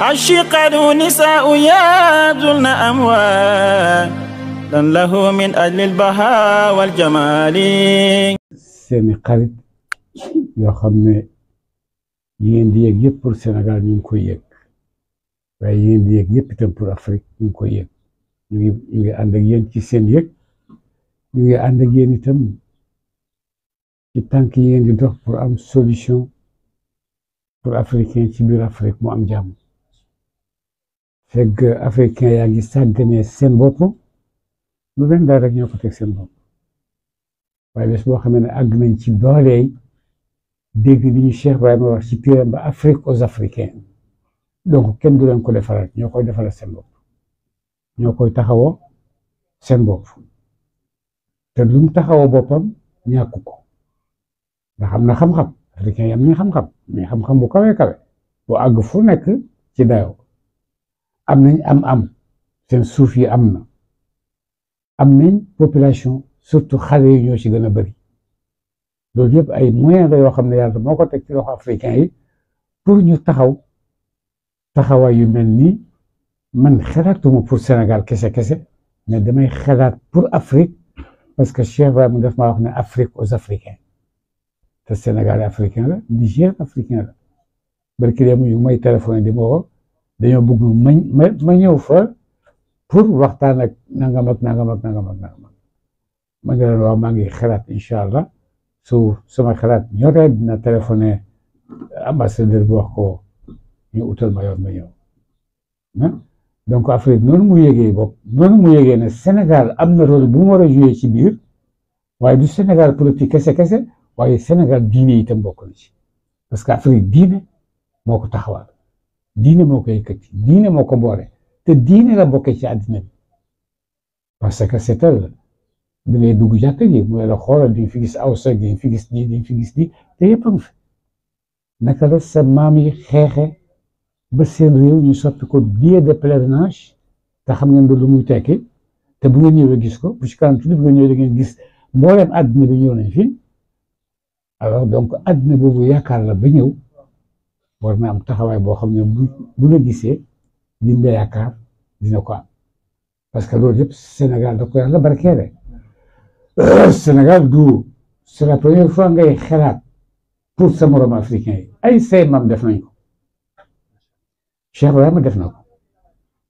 عشقن نساء يا ذلن أموال لن له من أجل البهاء والجمال سيني قريب يا خمي يين دي يجيب بور سنغال ينكو يك ويين دي يجيب تن بور أفريق ينكو يك يوي عندك يين كي سين يك يوي عندك يين تم كي تانك يين دي دوخ بور أم سوليشن pour l'Afrique, pour l'Afrique, pour l'Afrique, pour l'Afrique. fekk africain yaa ngi sàgganee seen bopp lu leen daal rek ñoo ko teg seen bopp waaye bés boo xamee ne àgg nañ ci dooleey dégg li ñu Cheikh Ibrahima wax ci piram ba Afrique aux Africains donc kenn du leen ko defaral ñoo koy defaral seen bopp ñoo koy taxawoo seen bopp te mu taxawoo boppam ñàkku ko ndax am na xam-xam africain yi am nañ xam-xam mais xam-xam bu kawe kawe bu àgg fu nekk ci dayoo am nañ am am seen suuf yi am na am nañ population surtout xale yi ñoo ci gën a bëri loolu yëpp ay moyen la yoo xam ne yàlla moo ko teg ci loxo africain yi pour ñu taxaw taxawaay yu mel nii man xalaatuma pour senegal kese kese mais damay xalaat pour Afrique parce que Cheikh Ibrahima daf maa wax ne Afrique aux Africains te senegal africain la Niger africain la barki dem yu may téléphoné di ma dañoo bëgg ma ma ñëw fa pour waxtaan ak nangam ak nangam ma ne leen waaw maa ngi xalaat incha allah su sama xalaat ñoree dina téléphoné ambassadeur bi wax ko ñu utal ma yoon ma ñëw donc Afrique noonu mu yëgee bopp noonu mu yëgee ne senegal am na rôle bu mu war a joué ci biir waaye du Sénégal politique kese kese waaye Sénégal diine itam bokk na ci parce que Afrique diine moo ko taxawal. diine moo ko yëkkati diine moo ko boole te diine la bokkee ci àddina bi parce que seetal bi ngay dugg jàkk ji mu ne la xoolal di fi gis aw sag di fi gis di di fi gis di te yëpp naka la sa maam yi xeexe ba seen réew ñu soppi ko lieu de pèlerinage te xam ngeen lu mu tekki te bu nga ñëwee gis ko bu ci kanam tuuti bu nga ñëwee da ngeen gis mbooleem àddina bi ñëw nañ fi alors donc àddina boobu yaakaar la ba ñëw war na am taxawaay boo xam ne bu bu la gisee lim la yaakaar dina ko am parce que loolu yëpp senegal da ko yàlla barkeele Sénégal du c'est la première fois ngay xalaat pour sa morom africain yi ay say maam def nañ ko Cheikh Ibrahima def na ko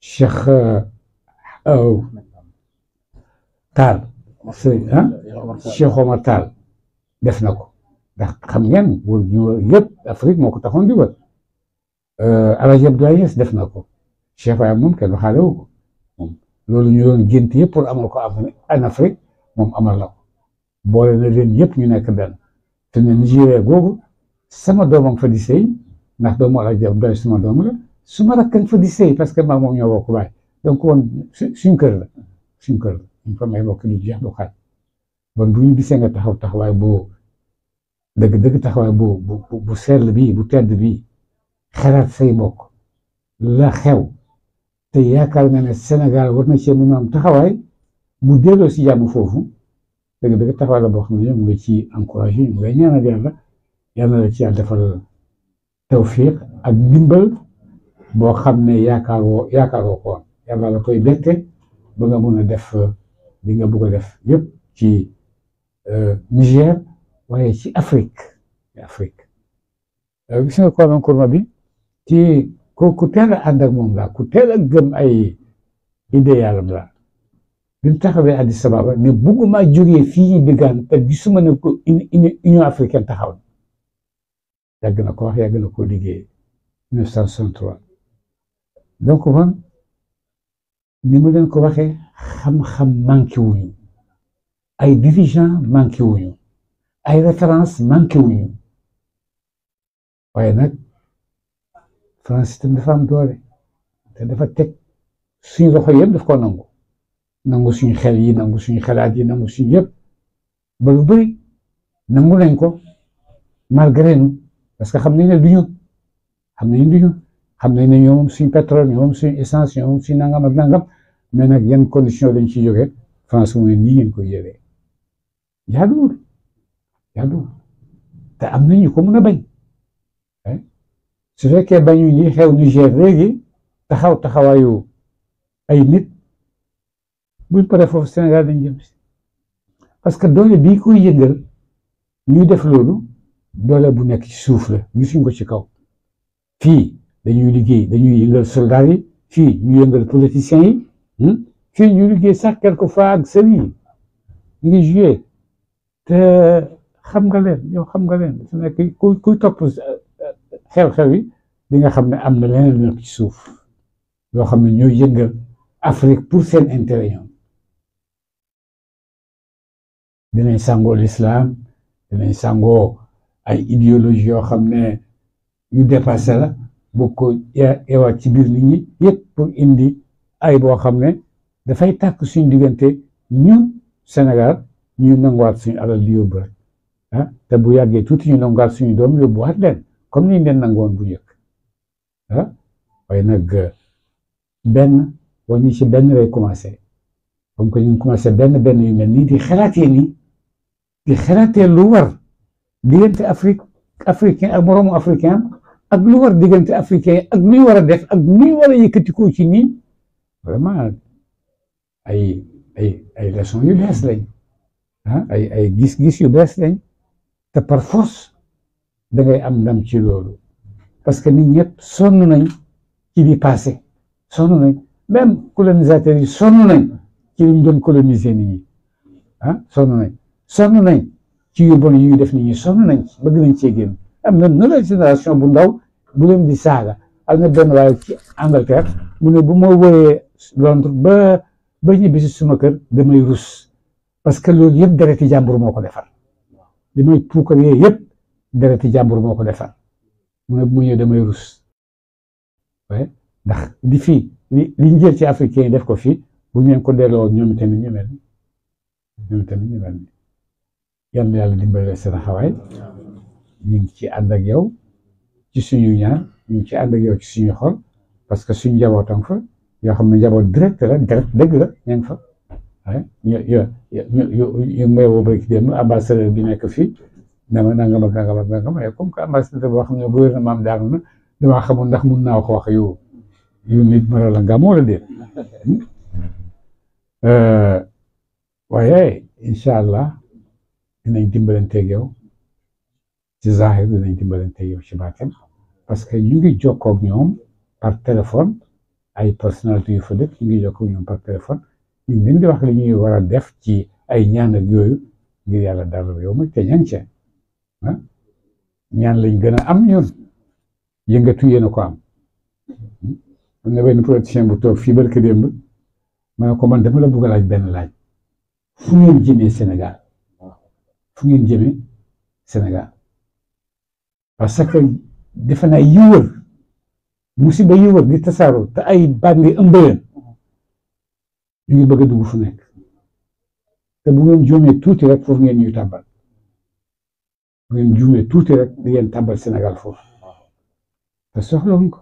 Cheikh euh, euh, Tall Cheikh Omar Tall def na ko ndax xam ngeen wala ñu yëpp moo ko taxoon di wër Euh, Alaaji Abdoulaye Niass def na ko Cheikh Ibrahim moom kenn waxaale wu ko moom loolu ñu doon gént yëpp pour amal ko en Afrique moom amal na ko boole na leen yëpp ñu nekk benn te ne Nigéria googu sama doomam fa di sëy ndax doomu Alaaji Abdoulaye suma doom la su ma rakkan fa di sëy parce que maa moom ñoo bokk baay donc woon suñ kër la suñ kër la ñu fa may bokk du jeex du xaaj bon bu ñu gisee nga taxaw taxawaay boo dëgg dëgg taxawaay boo bu bu sell bii bu tedd bii. xalaat say bokk la xew te yaakaar nga ne Sénégal war na cee mën a am taxawaay bu delloo si jàmm foofu dëgg dëgg taxawaay la boo xam ne mu ci encouragé mu ngi ñaanal yàlla yàlla la ci yàlla ak ndimbal boo xam ne yaakaaroo yaakaaroo ko la koy bette ba nga mën a def euh, li nga bëgg a def yëpp ci euh, Niger waaye ci Afrique Afrique euh, gis nga bi ci ko ku teel a ak moom la ku teel a gëm ay idéalam la bi mu taxawee Addis Ababa ne bugguma jógee fii diggaan te gisuma ne Union africaine taxaw na na ko wax yàgg na ko liggéey 1963 donc man ni mu leen ko waxee xam-xam manqué wuñu ay dirigeant manqué wuñu ay référence manqué wuñu waaye France itam dafa am doole te dafa teg suñu loxo yëpp daf koo nangu nangu suñu xel yi nangu suñu xalaat yi nangu suñu yëpp ba lu bëri nangu nañ ko malgré nous parce que xam nañ ne du ñu xam nañ du ñu xam nañ ne ñoo moom suñu pétrole ñoo moom suñu essence ñoo moom suñu nangam ak nangam mais nag yan condition lañ ci jógee France mu ne nii ngeen koy jëlee jaaduwul jaaduwul te am nañu ko mën a bañ. su fekkee bañu ñu xew Niger léegi taxaw taxawaayu ay nit buñ paree foofu Sénégal dañ jëm si parce que doole bii koy yëngal ñuy def loolu doole bu nekk ci suuf la gisuñ ko ci kaw fii dañuy liggéey dañuy yëngal soldats yi fii ñu yëngal politiciens yi hmm? fii ñu liggéey sax quelquefois ak sëriñ yi ñu ngi joué te xam nga leen xam nga leen topp xew-xew yi di nga xam ne am na leneen nekk ci suuf yoo xam ne ñoo yëngal Afrique pour seen intérêt ñoom dinañ sàngoo l'islam dinañ sàngoo ay idéologie yoo xam ne ñu dépassé la bu ko ewaat ci biir ni ñi yëpp indi ay boo xam ne dafay tàkk suñ diggante ñun Sénégal ñu nanguwaat suñu alal di yóbbu rek ah, te bu yàggee tuuti ñu nanguwaat suñu doom yóbbuwaat leen comme ni ñu nangone bu ñëk hein way nak ben bo ñi ci ben lay commencé comme que ñu commencé ben ben yu mel nii di xalaté ni di xalaté lu war digënté Afrique africain ak moroomu africain ak lu war digënté africain ak ñu wara def ak ñu wara yëkëti ko ci ni vraiment ay ay ay leçon yu bess lañ hein ay ay gis-gis yu bess lañ te par force. da am ndam ci loolu parce que nit ñëpp sonn nañ ci bi passé sonn nañ même colonisateurs yi sonn nañ ci liñ doon coloniser nit ñi ah sonn ci yu bon yu def nit ñi sonn nañ bëgg nañ cee génn am na nouvelle génération bu ndaw bu leen di saaga am na benn waaye ci Angleterre mu bu ma woyee Londres ba ba ñibbi si suma kër damay rus parce que loolu yëpp dereti jàmbur moo ko defar li puukar yee yëpp dereti jàmbur moo ko defar mu ne mu ñëw damay rus ndax di fii li li njël ci africain yi def ko fii bu ñu ko delloo ñoom tamit ñu mel ñoom itamit ñu mel yal na yàlla dimbale seen ngi ci ànd yow ci suñu ñaar ñu ngi ci ànd yow suñu xol parce que suñu njabootam fa yoo xam ne njaboot direct la direct dëgg dem ambassadeur bi nekk fii. ne ma nangam ak nangam ak nangam mais comme que ambassadeur boo xam ne gouvernement am daanu na damaa xamul ndax mun naa ko wax yow yow nit ma la nga moo la déet euh, waaye incha allah dinañ dimbalanteeg yow ci zahir dinañ dimbalanteeg yow ci baatin parce que ñu ngi jokkoo ak ñoom par téléphone ay personnalité yu fa dëkk ñu ngi jokkoo ak ñoom par téléphone ñu ngi leen di wax li ñuy war a def ci ay ñaan ak yooyu ngir yàlla dara yow ma te ñan ca ñaan lañ gën a am ñun yëngatu yéen a ko am hmm? am na benn politicien bu toog fii barke démb ma ne ko man dama la bëgg a laaj benn laaj fu ngeen jëmee senegal fu ngeen jëmee Sénégal parce que defe naa yi wër musiba yi wër di tasaaroo te ay bandi ëmbaleen ngi bëgg a dugg fu nekk te bu ngeen jóomee tuuti rek foofu ngeen ñuy tàmbal bu ngeen juumee tuuti rek di ngeen tàbbal Sénégal foofu te soxlawuñ ko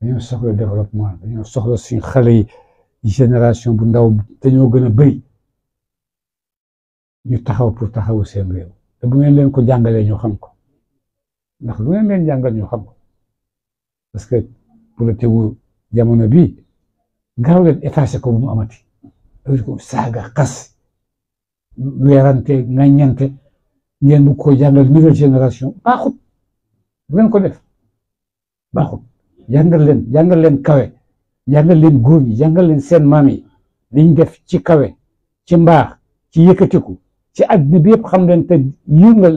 dañoo soxla développement dañoo soxla suñu xale yi génération bu ndaw te ñoo gën a bëri ñu taxaw pour taxawu seen réew te bu ngeen leen ko jàngalee ñoo xam ko ndax lu ngeen leen jàngal parce que politique wu jamono bi gaaw leen étage ko bu mu amati. saaga xas weerante ŋaññante. ngeen du ko jàngal nouvelle génération baaxut bu ko def baaxut jàngal leen jàngal leen kawe jàngal leen góor ñi jàngal leen seen maam yi liñ def ci kawe ci mbaax ci yëkkatiku ci àddina bi yëpp xam leen te yëngal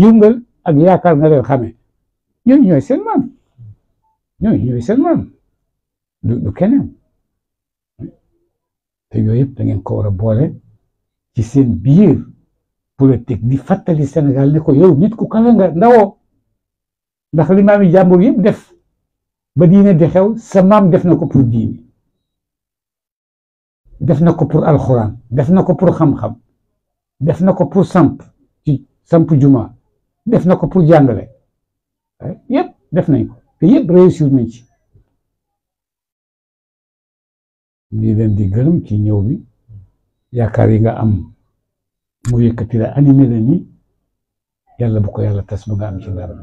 yëngal ak yaakaar nga leen xamee ñooñu ñooy seen maam ñooñu ñooy seen maam du du keneen te yooyu yëpp da ngeen ko war a boole ci seen biir. politique di fàttali Sénégal ne ko yow nit ku kawe nga ndawoo ndax li maami jàmbur yëpp def ba diine di xew sa def na ko pour diine def na ko pour alxuraan def na ko pour xam-xam def na ko pour samp jumaa def na ko pour jàngale eh, yëpp def nañ ko te réussir nañ ci ñu leen di gërëm ci ñëw bi yaakaar yi nga am mu yëkkati la animé ni yàlla bu ko yàlla tas ba nga am ci dara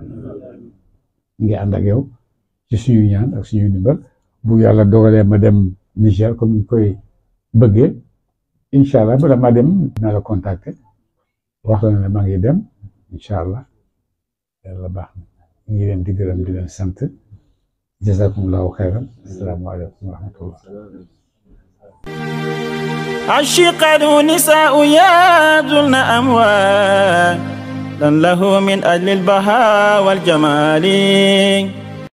ngi ànd yow ci suñu ñaan ak suñu ndimbal bu yàlla dogalee ma dem Niger comme ñu koy bëggee incha allah bala maa dem naa la contacter wax la ne maa ngi dem incha allah yàlla baax ngi leen di gërëm di leen sant jazakumullahu xayran asalaamaaleykum wa الشقاد نساء أموال لن له من أجل البهاء والجمال